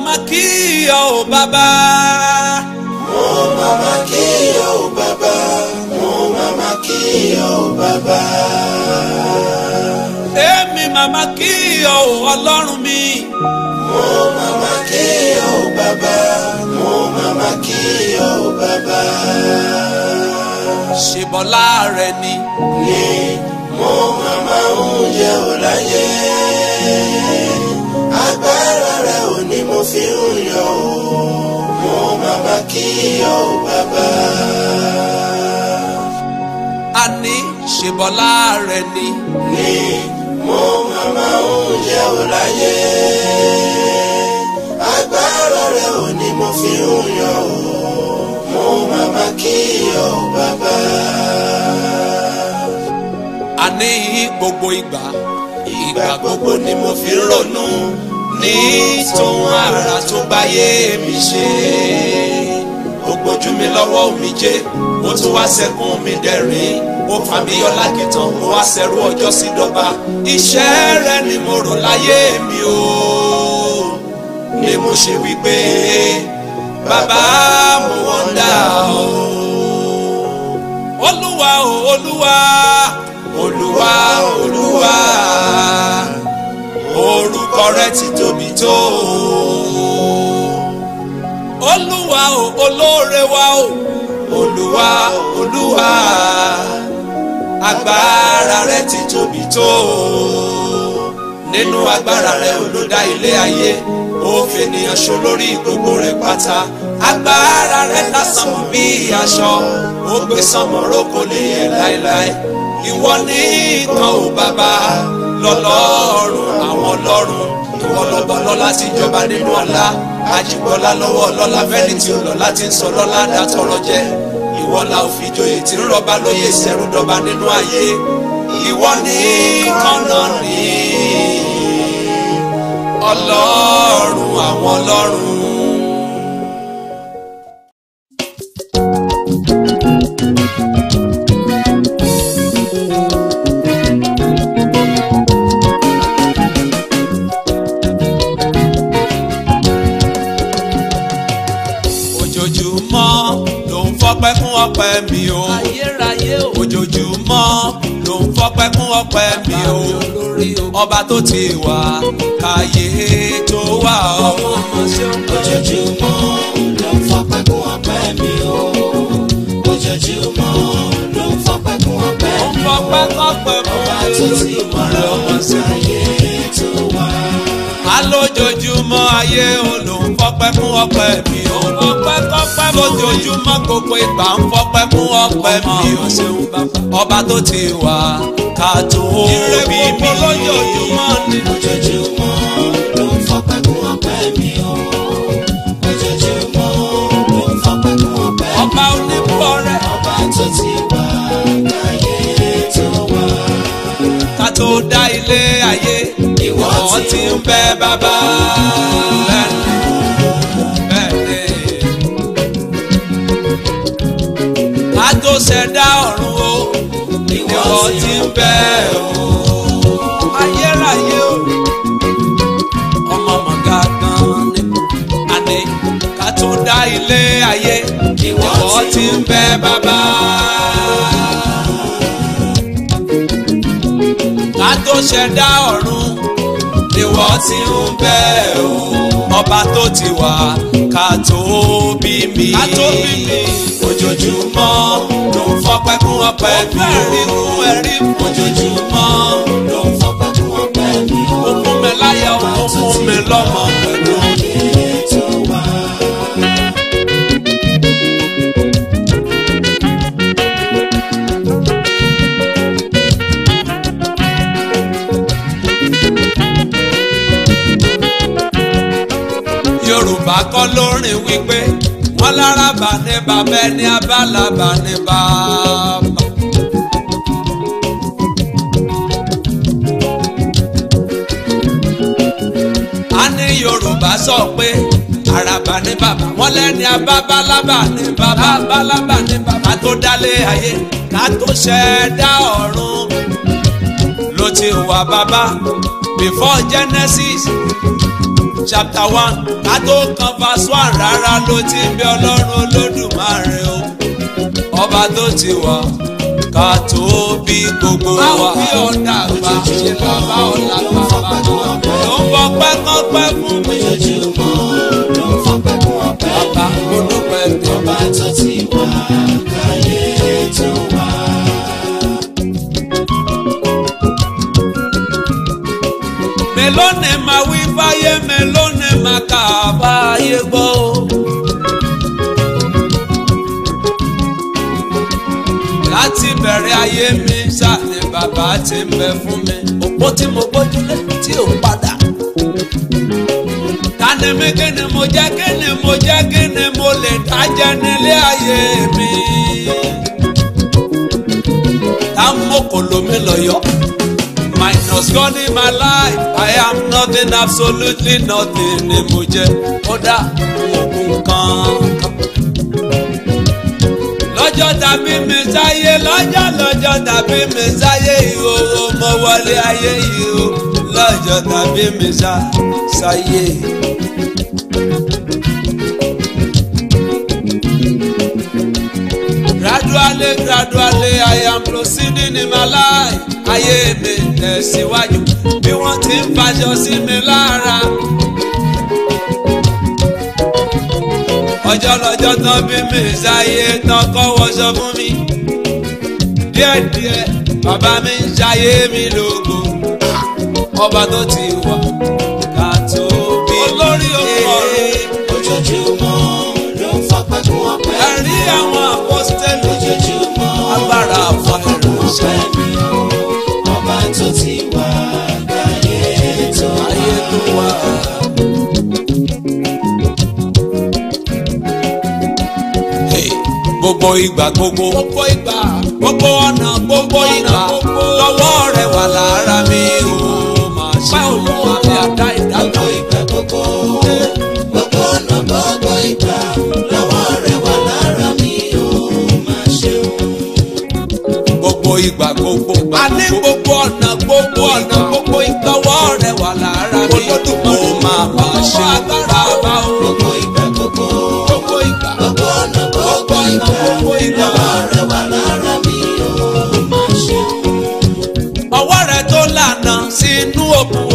Mama kí ọ ò bàbá. mo Mama máa kí ọ ò bàbá. mo máa kí ọ oh bàbá. èmi máa kí ọ oh ọlọ́run mi. mo máa máa kí ọ oh ò bàbá. mo máa kí ọ bàbá. ṣèbọ̀lá rẹ̀ ni. ni mo máa máa ń jẹ́ ọ̀la yẹn. agbára mo fi ń yọ̀ ọ́ a ní ṣèbọlá rẹ ni. ni mo máa máa ń jẹ́ ò láyé agbára rẹ ò ní mo fi ń yọ̀ ọ́ mo máa bá a ní gbogbo ìgbà ìgbà gbogbo ni mo fi ń ronú ní tòun àrà tó báyé mi ṣe ó gbójú mi lọ́wọ́ omijé ó tún wá sẹ́kún mi dẹ̀rín ó fà mí yọ lákìtàn ó wá sẹ́rú ọjọ́ sí dọ́gba iṣẹ́ rẹ ni mo rò láyé mi o ni mo ṣe wípé bàbá mo wọ́n dà o olúwa o olúwa olúwa olúwa. olúwa orúkọ rẹ ti tóbi tó olúwa o olóore wa o olúwa olúwa agbára rẹ ti tóbi tó nínú agbára rẹ olódá ilé ayé ó fi ènìyàn ṣo lórí gbogbo rẹ̀ pátá agbára rẹ̀ lásán bí aṣọ ó gbé sánmọ̀ kò lè yẹ̀ láéláé ìwọ ni ìtàn ò bàbá lọ́lọ́run àwọn ọlọ́run ìwọ lọ́ba lọ́lá tí ìjọba nínú ọlá àjìgbọ́lá lọ́wọ́ ọlọ́lá fẹ́ni tí olọ́lá ti ń sọ lọ́lá dátọ́rọ jẹ ìwọ la òfin ìjòyè tí ń rọba lóye ìṣẹ̀rù dọ́ba nínú ayé ìwọ ní kọ́nà rìn àwọn ọlọ́run tó ti wà káyé tó wà ọmọ ọmọ ṣe ń pẹ́. ojoojúmọ́ ló ń fọpẹ́ kún ọpẹ́ mi o ojoojúmọ́ ló ń fọpẹ́ kún ọpẹ́ mi o ọpẹ́ kọ́pẹ́ mọ́ ọba tó ti mọ̀rọ̀ ọmọ káyé tó wà. alójoojúmọ́ ayé olùkọ́pẹ́ fún ọpẹ́ mi o kọ́pẹ́ lójoojúmọ́ gbogbo ìgbà ń fọ́pẹ́ fún ọpẹ́ mi ò ṣeun bàbá ọba tó ti wà ká tó bí mi lójoojúmọ́ ni lójoojúmọ́ ló ń fọ́pẹ́ fún ọpẹ́ mi ò lójoojúmọ́ ló ń fọ́pẹ́ fún ọpẹ́ mi ò ọba oníbọ̀rẹ́ ọba tó ti wà káyé tó wà ká tó dá ilé ayé ìwọ ti ń bẹ bàbá. tó ṣẹ̀dá ọ̀run o ìwọ ti ń bẹ o ayérayé o ọmọ màgá gan ni àní ká tó dá ilé ayé ìwọ ti ń bẹ bàbá. ká tó ṣẹ̀dá ọ̀run ni wọ́n ti ń bẹ̀ o ọba tó ti wà ká tó bí mi ojoojúmọ́ ló ń fọpẹ́ kún ọpẹ́ mi o ojoojúmọ́ ló ń fọpẹ́ kún ọpẹ́ mi o ó mi láyà ó mi lọ́mọ pẹ̀lú mi. bàbá kọ́ lórin wípé wọ́n lárabà ní bàbá ẹni abálabà ní bàbá. a ní Yorùbá sọ pé àràbà ní bàbá wọn lẹ́ni abábálábà ní bàbá bálábà ní bàbá tó dálé ayé ká ṣẹ̀dá ọ̀run ló ti wà bàbá before Genesis chapter one ká tó kan verse one rárá ló ti ń bẹ ọlọ́run olódùmarè o ọba tó ti wà ká tó bí gbogbo wa. a ò fi ọ̀dà bá ṣe bàbá ọ̀la bàbá tó ń bọ̀ pẹ́kọ́pẹ́ fún mi. ló ń fọ pẹ́kọ́ pẹ́ bàbá olùpẹ̀ tó bá tó ti wà káyé tó wà. mélòó ni bẹ̀rẹ̀ ayé mi ṣàlè bàbá ti ń fún mi. òpó tí mo gbójúlé tí ò padà. tani mi kí mo jẹ́ kí mo jẹ́ kí mo lè dájẹ́ nílé ayé mi. táwọn okòlò mi lọ yọ. Minus God in my life, I am nothing, absolutely nothing ni mo jẹ́. kódà mo kún kan lọ́jọ́ tàbí mi sáyé lọ́jọ́ lọ́jọ́ tàbí mi sáyé ìhòòhò mo wọlé ayé ìhòòhò lọ́jọ́ tàbí mi sá sáyé. Gradually, gradually, I am proceeding in my life. Ayé mi tẹ̀síwájú bí wọ́n ti ń fàjọ sí mi lára. ọjọ́ lọ́jọ́ tán bí mi ṣayé tán kọ́ wọṣọ fún mi. díẹ̀díẹ̀ bàbá mi ń ṣayé mi lógo ọba tó ti wà ká tó bí olórí ọkùnrin ojoojúmọ́ ló ń fọpẹ́ kún ọpẹ́. ẹ rí àwọn àpọ́sítẹ́lì ojoojúmọ́ agbára àfọ̀nà ló ń ọba tó ti wà káyé tó wà. gbogbo ìgbà gbogbo gbogbo ìgbà gbogbo ọ̀nà corpo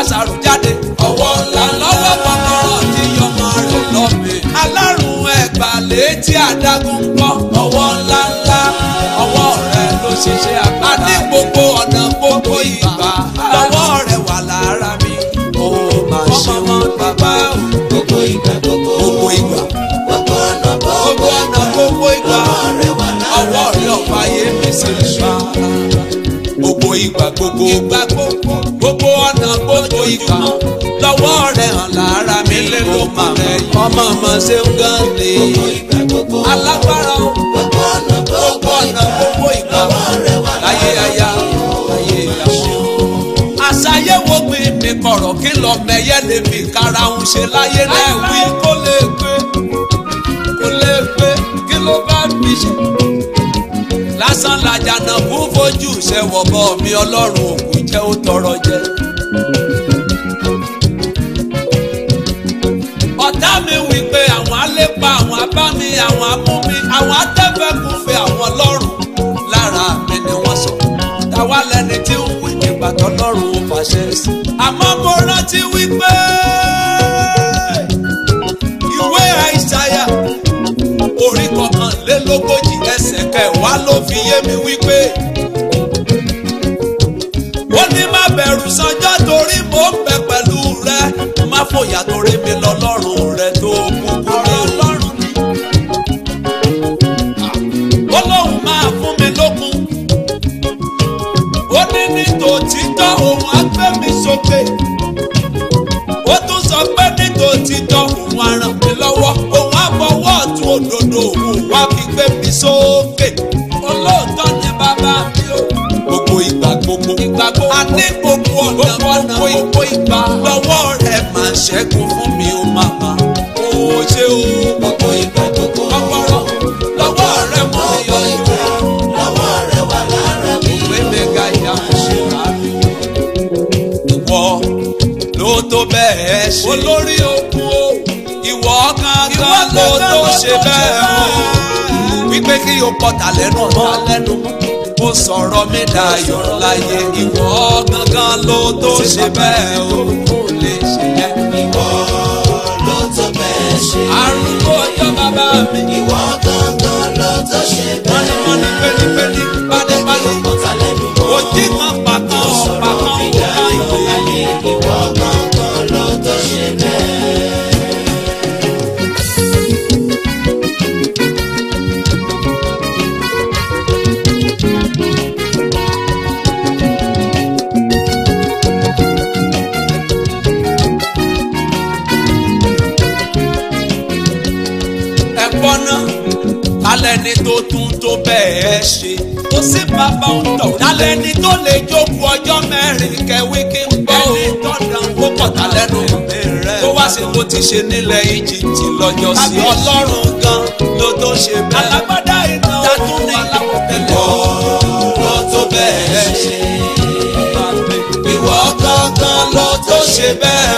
kásáró jáde. ọwọ́ ńlá lọ́wọ́ kọ́kọ́rọ́ ti yọmọ rẹ̀ lọ́mẹ. alárùn ẹgbà létí adágún pọ̀. ọwọ́ ńlá ńlá ọwọ́ rẹ̀ ló ṣiṣẹ́ àgbà. a ní gbogbo ọ̀nà gbogbo ìgbà lọ́wọ́ rẹ̀ wà lára mi. ó máa ṣe ọmọ bàbá o. gbogbo ìgbà gbogbo ìgbà gbogbo ọ̀nà gbogbo ìgbà gbogbo ìgbà ọwọ́ rẹ̀ ọ̀fà yé mi sí ìṣọ́ gbogbo ìgbà gbogbo ìgbà gbogbo ìgbà lọ́wọ́ rẹ̀ hàn lára mi ló mà rẹ̀ yìí ọmọ ọmọ ṣe ń gan ni alágbára o gbogbo ọ̀nà gbogbo ìgbà láyé aya láyé àṣẹ. àṣàyẹ̀wò gbin mi kọ̀rọ̀ kí lọ mẹ́yẹ́ lè fi karahun ṣe láyé lẹ́wí kó lè gbé kó lè gbé kí ló bá fi ṣe lásán làjà náà fún fojú ṣẹwọ̀ bọ́ mi ọlọ́run òkú jẹ́ ó tọrọ jẹ. bàbá mi àwọn abúmi àwọn atẹ́fẹ́kùnfẹ́ àwọn ọlọ́run lára mi ni wọ́n sọ táwa lẹni tí ń wí nígbà tọ́lọ́run ò fàṣẹ sí. àmọ́ mo rántí wípé ìwé àìsàyà orí kọkànlélógójì ẹsẹ̀ kẹwàá ló fi yé mi wípé. gbé ó tún sọ pé nítò ti tọ òun aràn mi lọ́wọ́ òun àbọ̀wọ́ ọ̀tún òdodo òun wá fi gbé mi sókè olóòótọ́ ni bàbá mi o gbogbo ìgbà gbogbo ìgbà gbogbo a gbogbo ọ̀nà gbogbo ìgbà lọ́wọ́ rẹ̀ máa ṣẹ́gun fún mi ó máa. ẹ ṣe. olórí okun o ìwọ kankan kó tó ṣe bẹ́ẹ̀ o wípé kí o pọ̀tà lẹ́nu ọ̀tá lẹ́nu mo sọ̀rọ̀ mi dayọ̀ láyé ìwọ gangan ló tó ṣe bẹ́ẹ̀ o arúgbó ọjọ́ bàbá mi. ìwọ gangan ló tó ṣe bẹ́ẹ̀. wọ́n ní wọ́n ẹ ṣe kò sí bàbá òǹtọ̀ dálẹ́ ni tó lè jókòó ọjọ́ mẹ́rin kẹwí kí n bọ́ ẹni tọ́ndàn kó kọ̀tà lẹ́nu tó wá sí mo ti ṣe nílẹ̀ Íjíbítì lọ́jọ́ sí. àbí ọlọ́run gan ló tó ṣe bẹ́ẹ̀ alágbádá iná òun aláwọ̀ tẹ̀lé ló tó bẹ́ẹ̀ ṣe ìwọ kankan ló tó ṣe bẹ́ẹ̀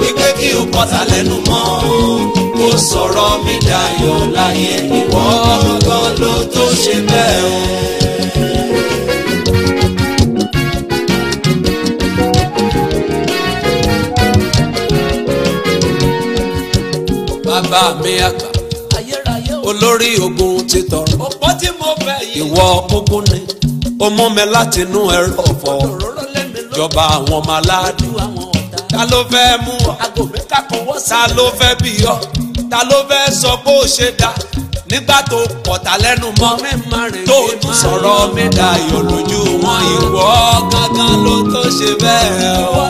wípé kí o kọ̀tà lẹ́nu mọ́ mo sọ̀rọ̀ mi dayọ̀ láyé ìwọ gangan ló tó ṣe bẹ́ẹ̀ o. bàbá mi àgbà olórí ogun ti tọrọ mo fẹ́ yìí ìwọ ogun ni ó mú mi látinú ẹ̀rọ ọ̀fọ̀ jọba àwọn ọmọ aládùn ta ló fẹ́ mú ọ ta ló fẹ́ bí ọ ta ló fẹ́ sọ bó ṣe dá nígbà tó kọ̀tà lẹ́nu mọ́ tó tún sọ̀rọ̀ mi dayọ̀ lójú wọn ìwọ gángan ló tó ṣe bẹ́ẹ̀ o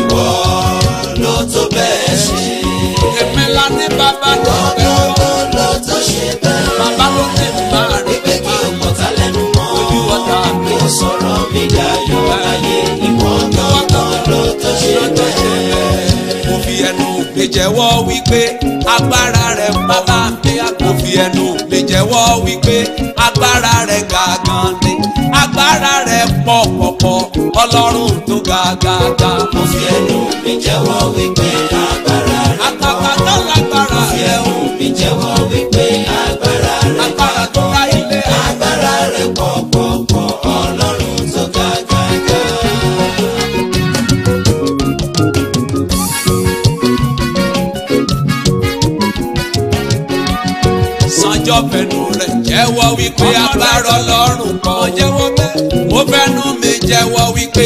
ìwọ ló tó bẹ́ẹ̀ ṣe. èmi la ní bàbá lọ́gbẹ́ o ló tó ṣe bẹ́ẹ̀ bàbá ló ní bàbá. jẹ́wọ́ wípé agbára rẹ̀ bàbá mi kò fi ẹnu lè jẹ́wọ́ wípé agbára rẹ̀ gàgàn ni agbára rẹ̀ pọ̀ pọ̀pọ̀ ọlọ́run tó ga ga ga. kò fi ẹnu mi jẹ́wọ́ wípé agbára rẹ̀ pọ̀ kò fi ẹnu mi jẹ́wọ́ jọ fẹnu rẹ̀ jẹ́wọ́ wípé agbára ọlọ́run kọ́ ó jẹ́wọ́ bẹ́ẹ̀ mo fẹnu mi jẹ́wọ́ wípé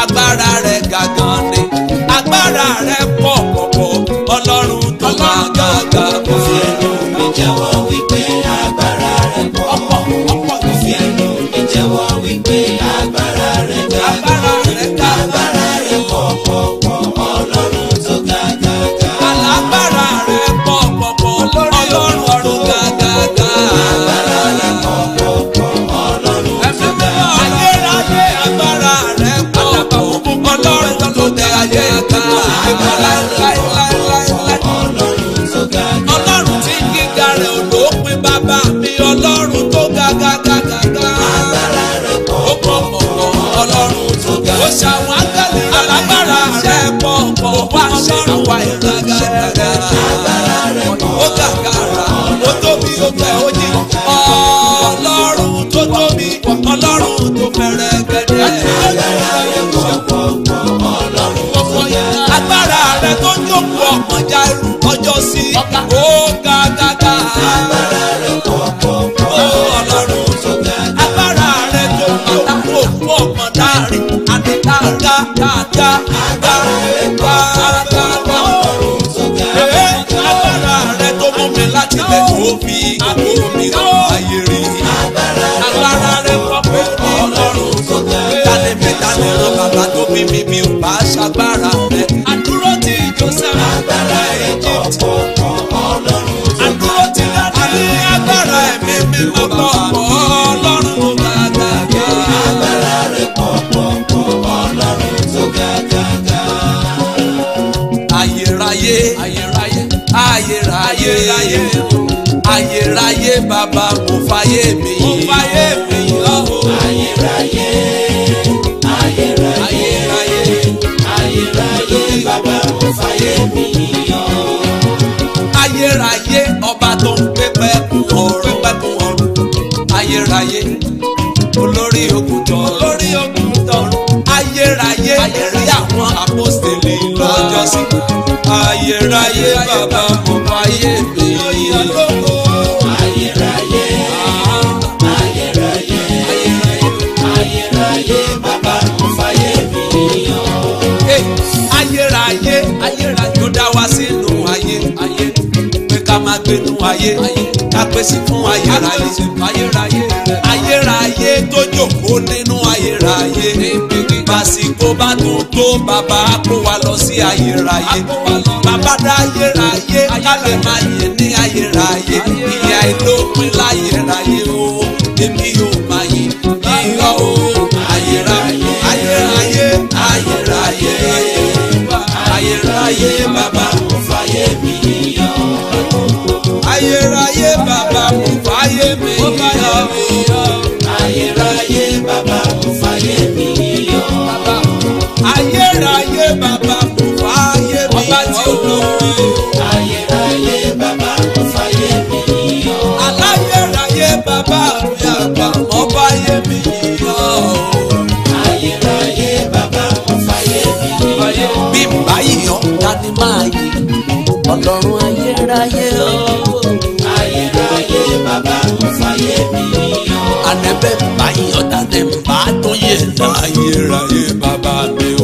agbára rẹ̀ ga gan ni agbára rẹ̀ pọ̀ pọ̀pọ̀ ọlọ́run tó máa ga ga mo fi mi jẹ́wọ́ wípé agbára rẹ̀ pọ̀ pọ̀ mo fi mi jẹ́wọ́ wípé agbára rẹ̀ ga agbára rẹ̀ pọ̀ pọ̀ pọ̀. agbára rẹ̀ pọ̀ ó gàgàrà ó tóbi ó fẹ̀ ó jì ọlọ́run tó tóbi ọlọ́run tó jókòó ọ̀pọ̀jà irú ọjọ́ sí i. aquí. A ayérayé kápẹ́sì fún ayérayé ayérayé tó jókòó nínú ayérayé bàsìkò bá tó tó bàbá kó wa lọ sí ayérayé bàbá dá ayérayé kálẹ̀ máa yẹ ní ayérayé ìyá ìlópin láyérayé o èmi yóò máa yẹ ìyá o ayérayé ayérayé ayérayé ayérayé bàbá. ayérayé Baba, ayérayé bàbá fàyè mi yọ. ànẹ́bẹ̀ báyìí ọ̀tá tẹ̀ bá tó yẹ láyérayé bàbá mi o.